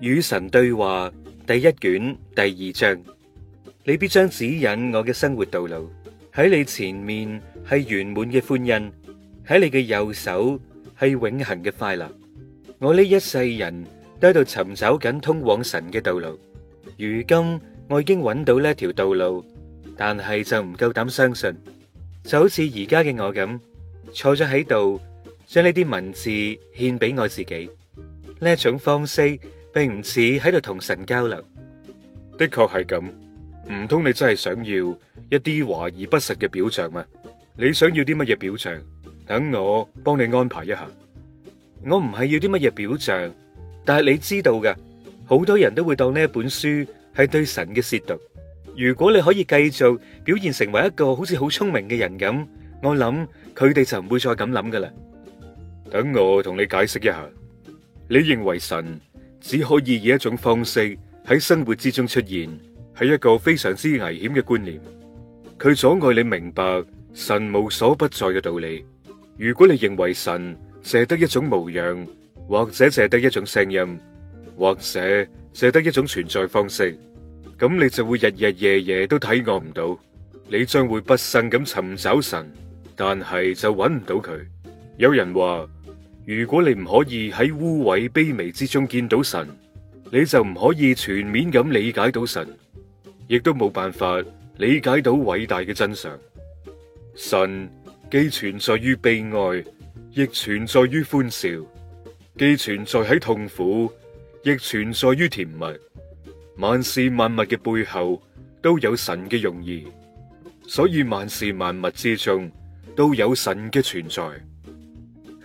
與神對話第一卷第二章，你必將指引我嘅生活道路。喺你前面係圓滿嘅歡欣，喺你嘅右手係永恆嘅快樂。我呢一世人都喺度尋找緊通往神嘅道路。如今我已經揾到呢條道路，但係就唔夠膽相信。就好似而家嘅我咁，坐咗喺度，將呢啲文字獻俾我自己，呢一種方式，並唔似喺度同神交流，的確係咁。唔通你真係想要一啲華而不實嘅表象咩？你想要啲乜嘢表象？等我幫你安排一下。我唔係要啲乜嘢表象，但係你知道嘅，好多人都會當呢一本書係對神嘅褻瀆。如果你可以繼續表現成為一個好似好聰明嘅人咁，我諗佢哋就唔會再咁諗噶啦。等我同你解釋一下，你認為神只可以以一種方式喺生活之中出現，係一個非常之危險嘅觀念。佢阻礙你明白神無所不在嘅道理。如果你認為神淨得一種模樣，或者淨得一種聲音，或者淨得一種存在方式，咁你就會日日夜夜都睇我唔到。你將會不勝咁尋找神，但係就揾唔到佢。有人話。如果你唔可以喺污穢卑微之中見到神，你就唔可以全面咁理解到神，亦都冇辦法理解到偉大嘅真相。神既存在於悲哀，亦存在於歡笑；既存在喺痛苦，亦存在於甜蜜。萬事萬物嘅背後都有神嘅用意，所以萬事萬物之中都有神嘅存在。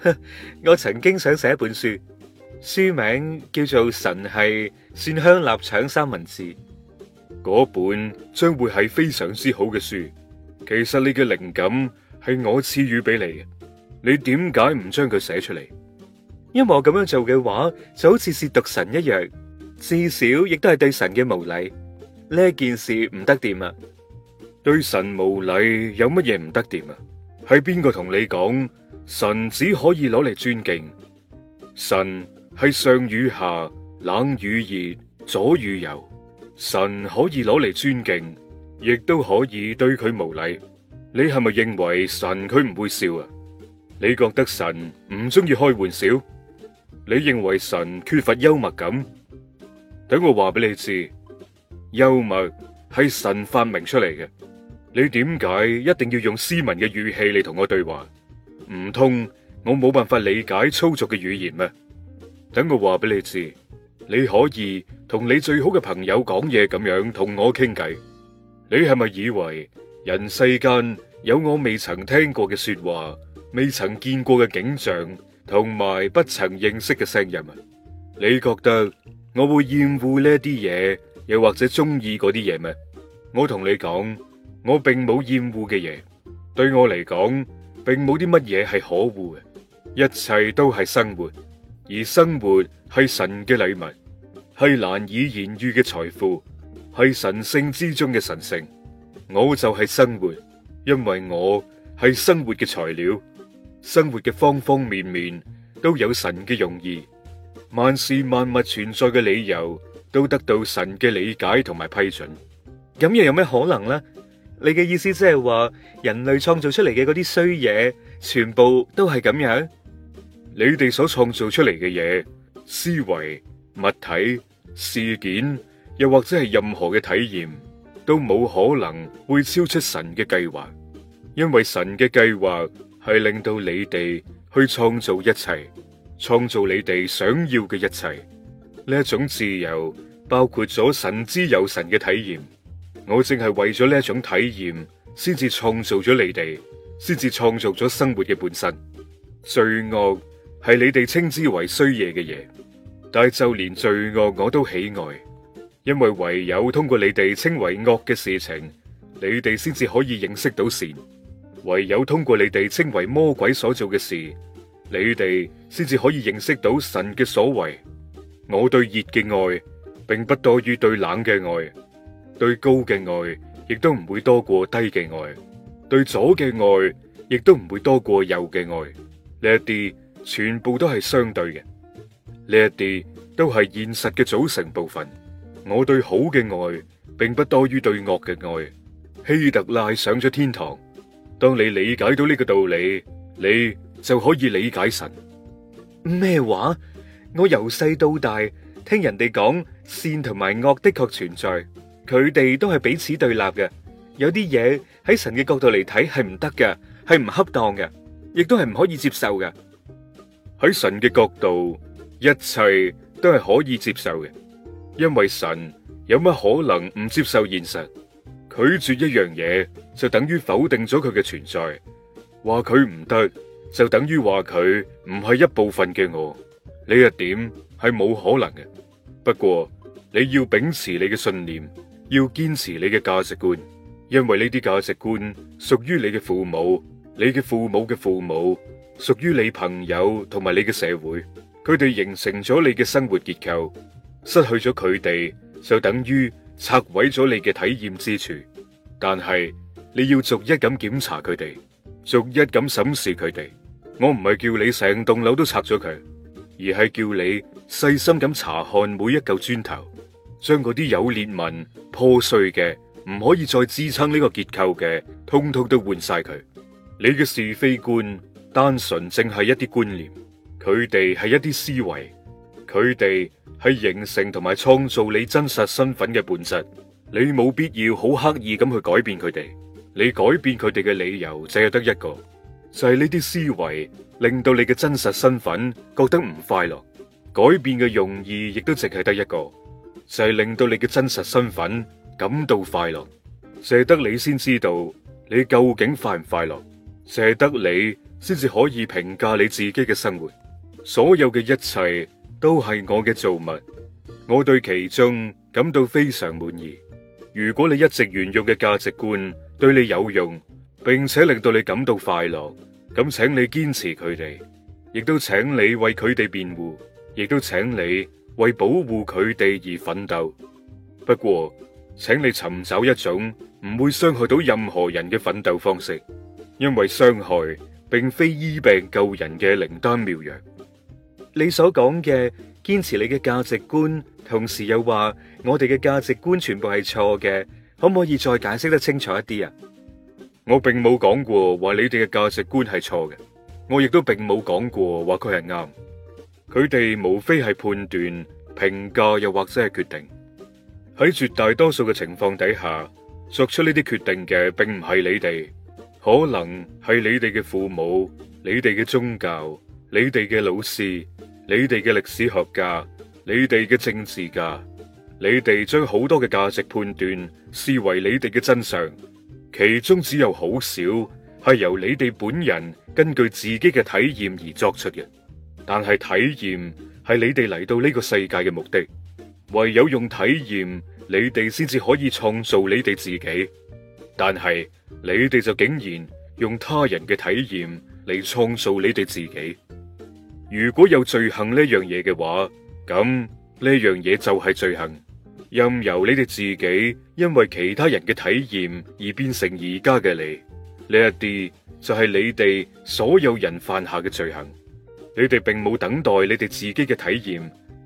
我曾經想寫一本書，書名叫做《神係蒜香臘腸三文治》，嗰本將會係非常之好嘅書。其實你嘅靈感係我賜予俾你嘅，你點解唔將佢寫出嚟？因為我咁樣做嘅話，就好似褻瀆神一樣，至少亦都係對神嘅無禮。呢一件事唔得掂啊！對神無禮有乜嘢唔得掂啊？係邊個同你講？神只可以攞嚟尊敬，神係上與下、冷與熱、左與右，神可以攞嚟尊敬，亦都可以對佢無禮。你係咪認為神佢唔會笑啊？你覺得神唔中意開玩笑？你認為神缺乏幽默感？等我話俾你知，幽默係神發明出嚟嘅。你點解一定要用斯文嘅語氣嚟同我對話？唔通我冇辦法理解粗俗嘅語言咩？等我話俾你知，你可以同你最好嘅朋友講嘢咁樣同我傾偈。你係咪以為人世間有我未曾聽過嘅說話、未曾見過嘅景象、同埋不曾認識嘅聲音啊？你覺得我會厭惡呢啲嘢，又或者中意嗰啲嘢咩？我同你講，我並冇厭惡嘅嘢，對我嚟講。並冇啲乜嘢係可惡嘅，一切都係生活，而生活係神嘅禮物，係難以言喻嘅財富，係神聖之中嘅神聖。我就係生活，因為我係生活嘅材料，生活嘅方方面面都有神嘅用意，萬事萬物存在嘅理由都得到神嘅理解同埋批准。咁又有咩可能呢？你嘅意思即係話，人類創造出嚟嘅嗰啲衰嘢，全部都係咁樣？你哋所創造出嚟嘅嘢，思維、物體、事件，又或者係任何嘅體驗，都冇可能會超出神嘅計劃，因為神嘅計劃係令到你哋去創造一切，創造你哋想要嘅一切。呢一種自由，包括咗神之有神嘅體驗。我淨係為咗呢種體驗，先至創造咗你哋，先至創造咗生活嘅本身。罪惡係你哋稱之為衰嘢嘅嘢，但係就連罪惡我都喜愛，因為唯有通過你哋稱為惡嘅事情，你哋先至可以認識到善；唯有通過你哋稱為魔鬼所做嘅事，你哋先至可以認識到神嘅所為。我對熱嘅愛，並不多於對冷嘅愛。對高嘅愛，亦都唔會多過低嘅愛；對左嘅愛，亦都唔會多過右嘅愛。呢一啲全部都係相對嘅，呢一啲都係現實嘅組成部分。我對好嘅愛，並不多於對惡嘅愛。希特拉上咗天堂。當你理解到呢個道理，你就可以理解神。咩話？我由細到大聽人哋講，善同埋惡的確存在。佢哋都係彼此對立嘅，有啲嘢喺神嘅角度嚟睇係唔得嘅，係唔恰當嘅，亦都係唔可以接受嘅。喺神嘅角度，一切都係可以接受嘅，因為神有乜可能唔接受現實？拒絕一樣嘢，就等於否定咗佢嘅存在。話佢唔得，就等於話佢唔係一部分嘅我。呢一點係冇可能嘅。不過，你要秉持你嘅信念。要堅持你嘅價值觀，因為呢啲價值觀屬於你嘅父母，你嘅父母嘅父母，屬於你朋友同埋你嘅社會，佢哋形成咗你嘅生活結構。失去咗佢哋，就等於拆毀咗你嘅體驗之處。但係你要逐一咁檢查佢哋，逐一咁審視佢哋。我唔係叫你成棟樓都拆咗佢，而係叫你細心咁查看每一嚿磚頭。將嗰啲有裂紋、破碎嘅、唔可以再支撐呢個結構嘅，通通都換晒佢。你嘅是非觀單純淨係一啲觀念，佢哋係一啲思維，佢哋係形成同埋創造你真實身份嘅本質。你冇必要好刻意咁去改變佢哋。你改變佢哋嘅理由淨係得一個，就係呢啲思維令到你嘅真實身份覺得唔快樂。改變嘅用意亦都淨係得一個。就係令到你嘅真實身份感到快樂，借得你先知道你究竟快唔快樂，借得你先至可以評價你自己嘅生活。所有嘅一切都係我嘅造物，我對其中感到非常滿意。如果你一直沿用嘅價值觀對你有用，並且令到你感到快樂，咁請你堅持佢哋，亦都請你為佢哋辯護，亦都請你。為保護佢哋而奮鬥。不過，請你尋找一種唔會傷害到任何人嘅奮鬥方式，因為傷害並非醫病救人嘅靈丹妙藥。你所講嘅堅持你嘅價值觀，同時又話我哋嘅價值觀全部係錯嘅，可唔可以再解釋得清楚一啲啊？我並冇講過話你哋嘅價值觀係錯嘅，我亦都並冇講過話佢係啱。佢哋無非係判斷、評價又或者係決定。喺絕大多數嘅情況底下，作出呢啲決定嘅並唔係你哋，可能係你哋嘅父母、你哋嘅宗教、你哋嘅老師、你哋嘅歷史學家、你哋嘅政治家，你哋將好多嘅價值判斷視為你哋嘅真相，其中只有好少係由你哋本人根據自己嘅體驗而作出嘅。但係體驗係你哋嚟到呢個世界嘅目的，唯有用體驗，你哋先至可以創造你哋自己。但係你哋就竟然用他人嘅體驗嚟創造你哋自己。如果有罪行呢樣嘢嘅話，咁呢樣嘢就係罪行。任由你哋自己因為其他人嘅體驗而變成而家嘅你，呢一啲就係你哋所有人犯下嘅罪行。你哋並冇等待你哋自己嘅體驗，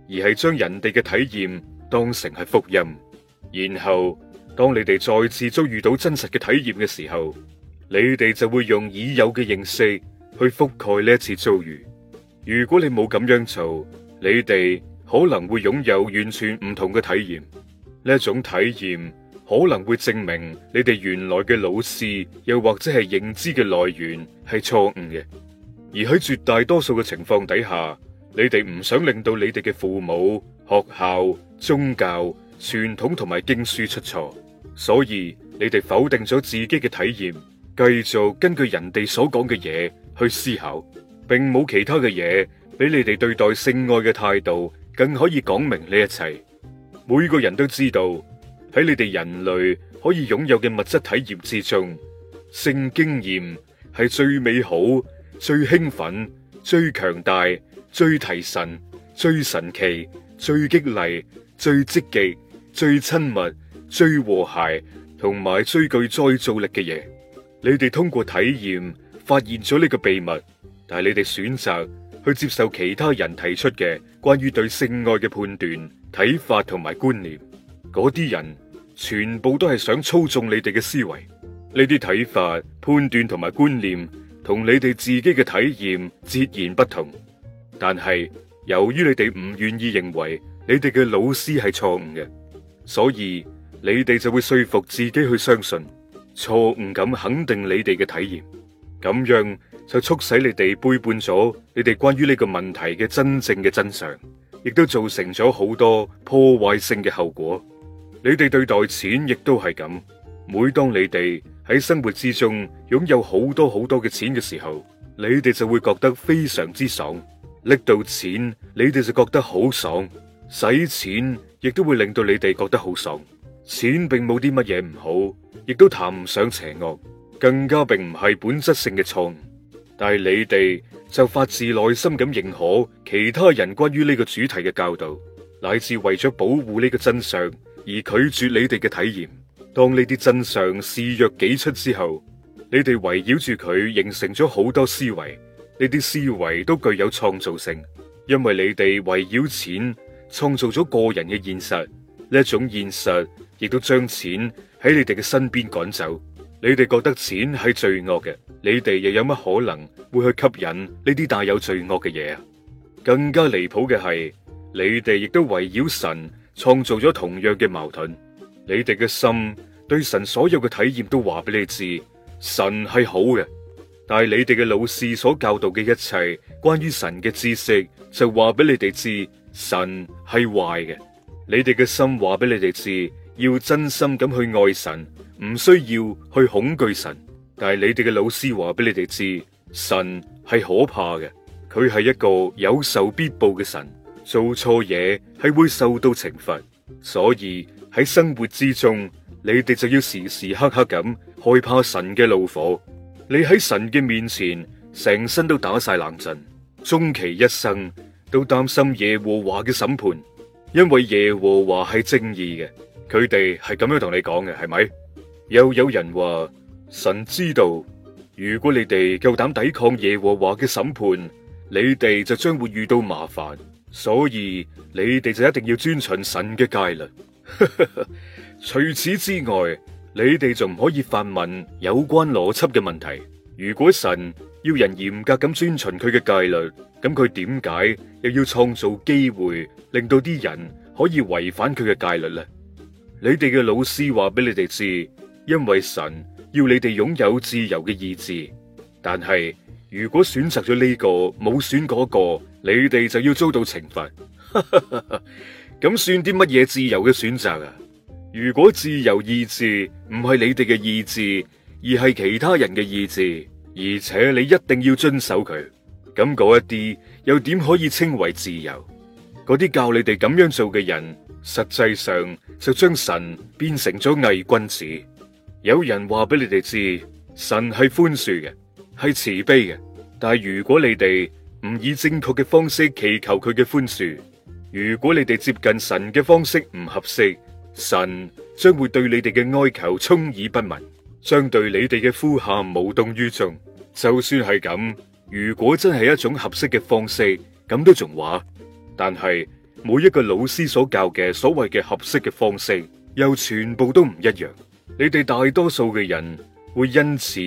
而係將人哋嘅體驗當成係福音。然後當你哋再次遭遇到真實嘅體驗嘅時候，你哋就會用已有嘅認識去覆蓋呢次遭遇。如果你冇咁樣做，你哋可能會擁有完全唔同嘅體驗。呢種體驗可能會證明你哋原來嘅老師又或者係認知嘅來源係錯誤嘅。而喺絕大多數嘅情況底下，你哋唔想令到你哋嘅父母、學校、宗教、傳統同埋經書出錯，所以你哋否定咗自己嘅體驗，繼續根據人哋所講嘅嘢去思考，並冇其他嘅嘢比你哋對待性愛嘅態度更可以講明呢一切。每個人都知道，喺你哋人類可以擁有嘅物質體驗之中，性經驗係最美好，最興奮、最強大、最提神、最神奇、最激勵、最積極、最親密、最和諧，同埋最具再造力嘅嘢。你哋通過體驗發現咗呢個秘密，但係你哋選擇去接受其他人提出嘅關於對性愛嘅判斷、睇法同埋觀念，嗰啲人全部都係想操縱你哋嘅思維。呢啲睇法、判斷同埋觀念，同你哋自己嘅體驗截然不同，但係由於你哋唔願意認為你哋嘅老師係錯誤嘅，所以你哋就會說服自己去相信錯誤咁肯定你哋嘅體驗，咁樣就促使你哋背叛咗你哋關於呢個問題嘅真正嘅真相，亦都造成咗好多破壞性嘅後果。你哋對待錢亦都係咁。每當你哋喺生活之中擁有好多好多嘅錢嘅時候，你哋就會覺得非常之爽，拎到錢你哋就覺得好爽，使錢亦都會令到你哋覺得好爽。錢並冇啲乜嘢唔好，亦都談唔上邪惡，更加並唔係本質性嘅錯誤。但係你哋就發自內心咁認可其他人關於呢個主題嘅教導，乃至為咗保護呢個真相而拒絕你哋嘅體驗。當呢啲真相視若己出之後，你哋圍繞住佢形成咗好多思維，呢啲思維都具有創造性，因為你哋圍繞錢創造咗個人嘅現實，呢一種現實亦都將錢喺你哋嘅身邊趕走。你哋覺得錢係罪惡嘅，你哋又有乜可能會去吸引呢啲帶有罪惡嘅嘢啊？更加離譜嘅係，你哋亦都圍繞神創造咗同樣嘅矛盾。你哋嘅心對神所有嘅體驗都話俾你知，神係好嘅；但係你哋嘅老師所教導嘅一切關於神嘅知識就話俾你哋知，神係壞嘅。你哋嘅心話俾你哋知，要真心咁去愛神，唔需要去恐懼神。但係你哋嘅老師話俾你哋知，神係可怕嘅，佢係一個有仇必報嘅神，做錯嘢係會受到懲罰，所以。喺生活之中，你哋就要時時刻刻咁害怕神嘅怒火，你喺神嘅面前，成身都打晒冷震，終其一生都擔心耶和華嘅審判，因為耶和華係正義嘅。佢哋係咁樣同你講嘅，係咪？又有人話神知道，如果你哋夠膽抵抗耶和華嘅審判，你哋就將會遇到麻煩，所以你哋就一定要遵循神嘅戒律。 除此之外，你哋仲唔可以發問有關邏輯嘅問題。如果神要人嚴格咁遵循佢嘅戒律，咁佢點解又要創造機會，令到啲人可以違反佢嘅戒律呢？你哋嘅老師話俾你哋知，因為神要你哋擁有自由嘅意志，但係如果選擇咗呢個冇選嗰個，你哋就要遭到懲罰。 咁算啲乜嘢自由嘅選擇啊？如果自由意志唔係你哋嘅意志，而係其他人嘅意志，而且你一定要遵守佢，咁嗰一啲又點可以稱為自由？嗰啲教你哋咁樣做嘅人，實際上就將神變成咗偽君子。有人話俾你哋知，神係寬恕嘅，係慈悲嘅，但係如果你哋唔以正確嘅方式祈求佢嘅寬恕，如果你哋接近神嘅方式唔合適，神將會對你哋嘅哀求充耳不聞，將對你哋嘅呼喊無動於衷。就算係咁，如果真係一種合適嘅方式，咁都仲話。但係每一個老師所教嘅所謂嘅合適嘅方式，又全部都唔一樣。你哋大多數嘅人會因此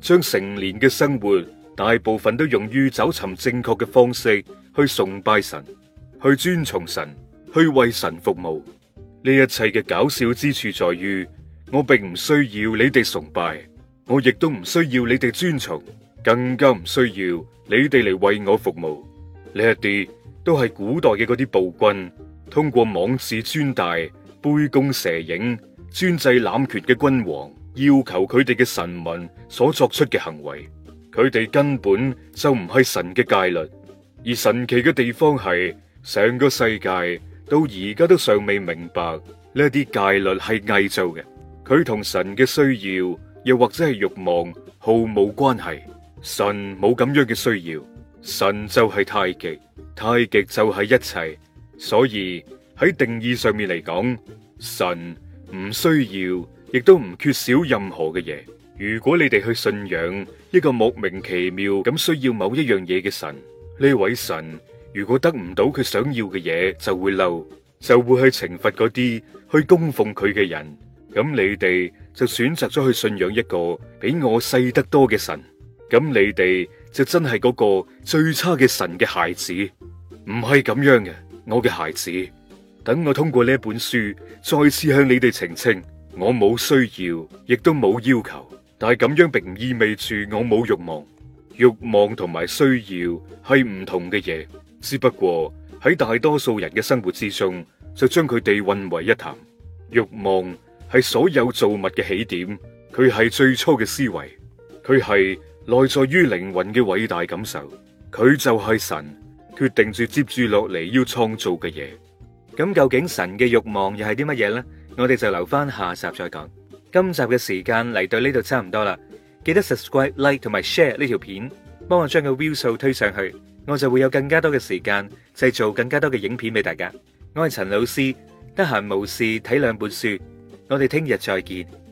將成年嘅生活大部分都用於找尋正確嘅方式去崇拜神。去尊崇神，去為神服務。呢一切嘅搞笑之處在於，我並唔需要你哋崇拜，我亦都唔需要你哋尊崇，更加唔需要你哋嚟為我服務。呢一啲都係古代嘅嗰啲暴君通過妄自尊大、杯弓蛇影、專制攬權嘅君王要求佢哋嘅臣民所作出嘅行為，佢哋根本就唔係神嘅戒律。而神奇嘅地方係。成個世界到而家都尚未明白呢啲戒律係偽造嘅，佢同神嘅需要又或者係慾望毫無關係。神冇咁樣嘅需要，神就係太極，太極就係一切。所以喺定義上面嚟講，神唔需要，亦都唔缺少任何嘅嘢。如果你哋去信仰一個莫名其妙咁需要某一樣嘢嘅神，呢位神。如果得唔到佢想要嘅嘢，就會嬲，就會去懲罰嗰啲去供奉佢嘅人。咁你哋就選擇咗去信仰一個比我細得多嘅神。咁你哋就真係嗰個最差嘅神嘅孩子。唔係咁樣嘅，我嘅孩子。等我通過呢本書，再次向你哋澄清，我冇需要，亦都冇要求。但係咁樣並唔意味住我冇慾望。慾望同埋需要係唔同嘅嘢。只不過喺大多數人嘅生活之中，就將佢哋混為一談。欲望係所有造物嘅起點，佢係最初嘅思維，佢係內在於靈魂嘅偉大感受，佢就係神決定住接住落嚟要創造嘅嘢。咁究竟神嘅欲望又係啲乜嘢呢？我哋就留翻下集再講。今集嘅時間嚟到呢度差唔多啦，記得 subscribe、like 同埋 share 呢條片，幫我將個 view 數推上去。我就會有更加多嘅時間製造更加多嘅影片俾大家。我係陳老師，得閒無事睇兩本書。我哋聽日再見。